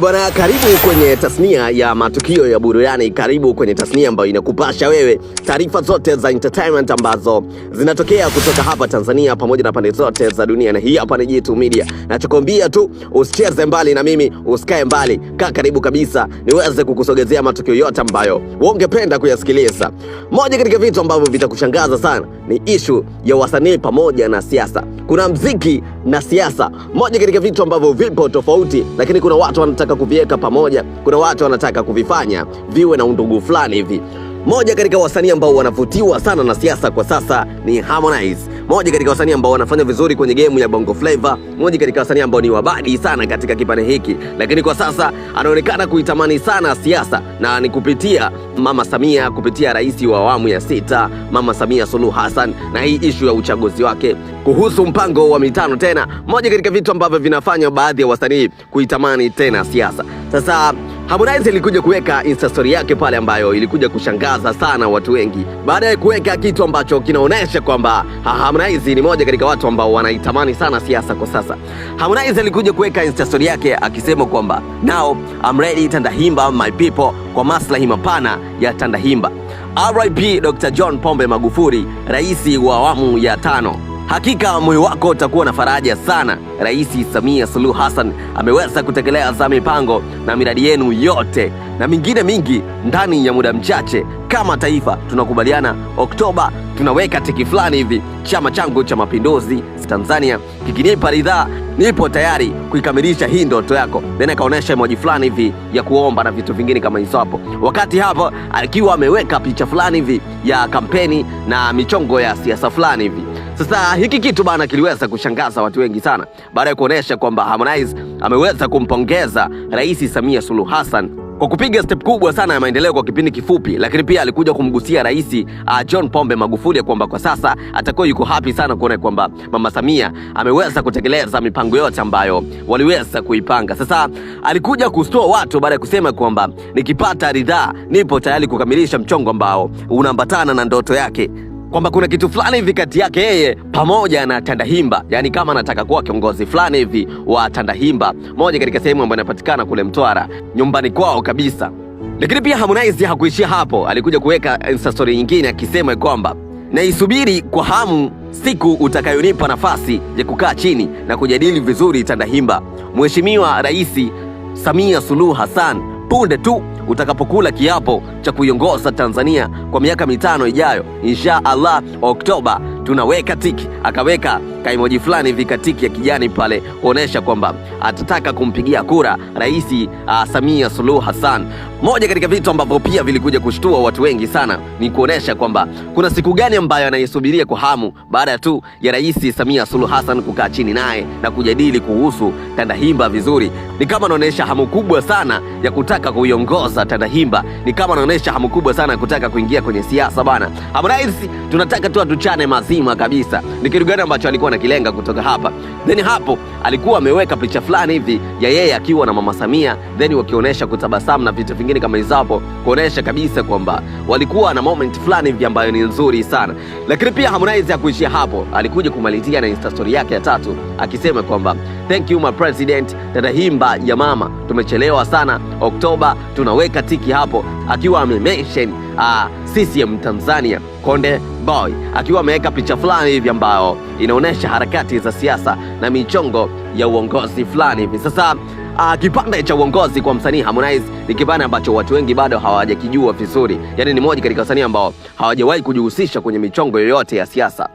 E bwana, karibu kwenye tasnia ya matukio ya burudani, karibu kwenye tasnia ambayo inakupasha wewe taarifa zote za entertainment ambazo zinatokea kutoka hapa Tanzania pamoja na pande zote za dunia, na hii hapa ni Jitu Media. Nachokwambia tu usicheze mbali na mimi, usikae mbali, kaa karibu kabisa niweze kukusogezea matukio yote ambayo ungependa kuyasikiliza. Moja katika vitu ambavyo vitakushangaza sana ni ishu ya wasanii pamoja na siasa. Kuna mziki na siasa, moja katika vitu ambavyo vipo tofauti, lakini kuna watu wanataka kuviweka pamoja, kuna watu wanataka kuvifanya viwe na undugu fulani hivi. Moja katika wasanii ambao wanavutiwa sana na siasa kwa sasa ni Harmonize. Moja katika wasanii ambao wanafanya vizuri kwenye gemu ya Bongo Flava, moja katika wasanii ambao ni wabadi sana katika kipande hiki, lakini kwa sasa anaonekana kuitamani sana siasa na ni kupitia Mama Samia, kupitia rais wa awamu ya sita Mama Samia Suluhu Hassan na hii ishu ya uchaguzi wake kuhusu mpango wa mitano tena, moja katika vitu ambavyo vinafanya baadhi ya wasanii kuitamani tena siasa sasa Harmonize ilikuja kuweka insta story yake pale ambayo ilikuja kushangaza sana watu wengi baada ya kuweka kitu ambacho kinaonyesha kwamba Harmonize ni moja katika watu ambao wanaitamani sana siasa kwa sasa. Harmonize alikuja kuweka insta story yake akisema kwamba now I'm ready Tandahimba my people, kwa maslahi mapana ya Tandahimba. RIP Dr. John Pombe Magufuli, rais wa awamu ya tano. Hakika moyo wako utakuwa na faraja sana. Rais Samia Suluhu Hassan ameweza kutekeleza mipango na miradi yenu yote na mingine mingi ndani ya muda mchache. Kama taifa tunakubaliana, Oktoba tunaweka tiki fulani hivi. Chama changu cha Mapinduzi Tanzania kikinipa ridhaa, nipo tayari kuikamilisha hii ndoto yako. Then akaonyesha emoji fulani hivi ya kuomba na vitu vingine kama hizo hapo, wakati hapo akiwa ameweka picha fulani hivi ya kampeni na michongo ya siasa fulani hivi. Sasa hiki kitu bana kiliweza kushangaza watu wengi sana baada ya kuonesha kwamba Harmonize ameweza kumpongeza Rais Samia Suluhu Hassan kwa kupiga step kubwa sana ya maendeleo kwa kipindi kifupi, lakini pia alikuja kumgusia Rais uh, John Pombe Magufuli kwamba kwa sasa atakuwa yuko happy sana kuona kwamba Mama Samia ameweza kutekeleza mipango yote ambayo waliweza kuipanga. Sasa alikuja kustoa watu baada ya kusema kwamba nikipata ridhaa, nipo tayari kukamilisha mchongo ambao unaambatana na ndoto yake kwamba kuna kitu fulani hivi kati yake yeye pamoja na Tandahimba, yani kama anataka kuwa kiongozi fulani hivi wa Tandahimba, moja katika sehemu ambayo inapatikana kule Mtwara, nyumbani kwao kabisa. Lakini pia Harmonize hakuishia hapo, alikuja kuweka insta story nyingine akisema kwamba naisubiri kwa hamu siku utakayonipa nafasi ya kukaa chini na kujadili vizuri Tandahimba. Mheshimiwa Rais Samia Suluhu Hassan punde tu utakapokula kiapo cha kuiongoza Tanzania kwa miaka mitano ijayo, insha Allah. Oktoba tunaweka tiki, akaweka kaimoji fulani hivi katiki ya kijani pale kuonesha kwamba atataka kumpigia kura Rais uh, Samia Suluhu Hassan. Moja katika vitu ambavyo pia vilikuja kushtua watu wengi sana ni kuonesha kwamba kuna siku gani ambayo anaisubiria kwa hamu baada tu ya Rais Samia Suluhu Hassan kukaa chini naye na kujadili kuhusu Tandahimba vizuri. Ni kama anaonesha hamu kubwa sana ya kutaka kuiongoza Tandahimba, ni kama anaonesha hamu kubwa sana ya kutaka kuingia kwenye siasa bana. Harmonize tunataka tu atuchane mazima kabisa. Ni kitu gani ambacho alikuwa alikuwa nakilenga kutoka hapa. Then hapo alikuwa ameweka picha fulani hivi ya yeye akiwa na mama Samia, then wakionyesha kutabasamu na vitu vingine kama hizapo, kuonesha kabisa kwamba walikuwa na moment fulani hivi ambayo ni nzuri sana. Lakini pia Harmonize hakuishia hapo, alikuja kumalizia na insta story yake ya tatu akisema kwamba thank you my president, dada himba ya mama, tumechelewa sana Oktoba, tunaweka tiki hapo akiwa amemention uh, ah, CCM Tanzania Konde Boy akiwa ameweka picha fulani hivi ambayo inaonyesha harakati za siasa na michongo ya uongozi fulani hivi. Sasa uh, kipande cha uongozi kwa msanii Harmonize ni kipande ambacho watu wengi bado hawajakijua vizuri, yaani ni moja katika wasanii ambao hawajawahi kujihusisha kwenye michongo yoyote ya siasa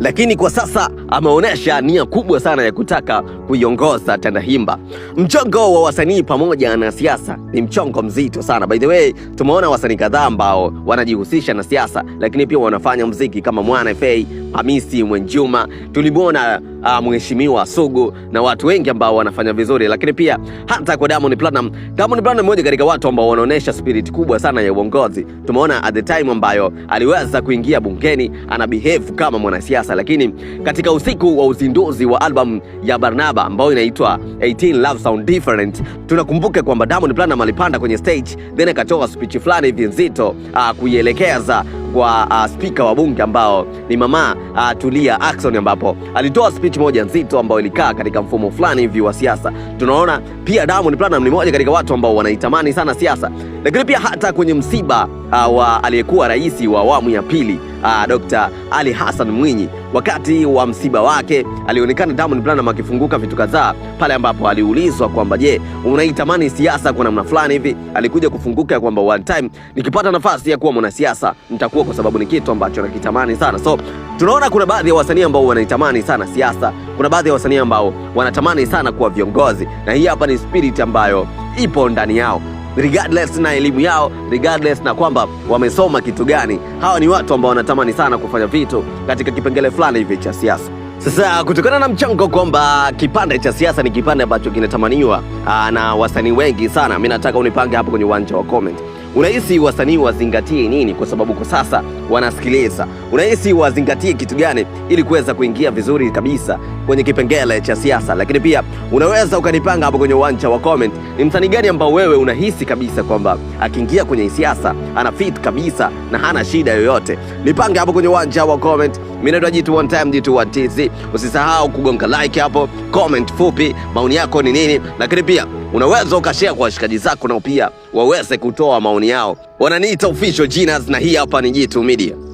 lakini kwa sasa ameonyesha nia kubwa sana ya kutaka kuiongoza Tandahimba. Mchongo wa wasanii pamoja na siasa ni mchongo mzito sana. By the way, tumeona wasanii kadhaa ambao wanajihusisha na siasa, lakini pia wanafanya mziki kama Mwana FA, Hamisi Mwenjuma, tulimwona uh, ah, Mheshimiwa Sugu na watu wengi ambao wanafanya vizuri, lakini pia hata kwa Diamond Platinum. Diamond Platinum mmoja katika watu ambao wanaonyesha spirit kubwa sana ya uongozi. Tumeona at the time ambayo aliweza kuingia bungeni ana behave kama mwana mwanasiasa, lakini katika usiku wa uzinduzi wa albamu ya Barnaba ambayo inaitwa 18 Love Sound Different, tunakumbuka kwamba Diamond Platnumz alipanda kwenye stage then akatoa speech fulani hivi nzito ah, kuielekeza kwa uh, ah, spika wa bunge ambao ni mama uh, Tulia Ackson, ambapo alitoa speech moja nzito ambayo ilikaa katika mfumo fulani hivi wa siasa. Tunaona pia Diamond Platnumz ni moja katika watu ambao wanaitamani sana siasa, lakini pia hata kwenye msiba uh, wa aliyekuwa rais wa awamu ya pili uh, Dr. Ali Hassan Mwinyi Wakati wa msiba wake alionekana Diamond Platnumz akifunguka vitu kadhaa pale ambapo aliulizwa kwamba je, unaitamani siasa kwa namna fulani hivi? Alikuja kufunguka kwamba one time nikipata nafasi ya kuwa mwanasiasa nitakuwa, kwa sababu ni kitu ambacho nakitamani sana. So tunaona kuna baadhi ya wasanii ambao wanaitamani sana siasa, kuna baadhi ya wasanii ambao wanatamani sana kuwa viongozi, na hii hapa ni spirit ambayo ipo ndani yao regardless na elimu yao, regardless na kwamba wamesoma kitu gani. Hawa ni watu ambao wanatamani sana kufanya vitu katika kipengele fulani hivi cha siasa. Sasa kutokana na mchango kwamba kipande cha siasa ni kipande ambacho kinatamaniwa ah, na wasanii wengi sana, mi nataka unipange hapo kwenye uwanja wa comment. Unahisi wasanii wazingatie nini? Kwa sababu kwa sasa wanasikiliza, unahisi wazingatie kitu gani ili kuweza kuingia vizuri kabisa kwenye kipengele cha siasa? Lakini pia unaweza ukanipanga hapo kwenye uwanja wa comment, ni msanii gani ambao wewe unahisi kabisa kwamba akiingia kwenye siasa ana fit kabisa na hana shida yoyote? Nipange hapo kwenye uwanja wa comment. Mimi naitwa Jitu one time, Jitu one TZ. Usisahau kugonga like hapo, comment fupi, maoni yako ni nini, lakini pia unaweza ukashare kwa washikaji zako nao pia waweze kutoa maoni yao. Wananiita official Genius na hii hapa ni Jitu Media.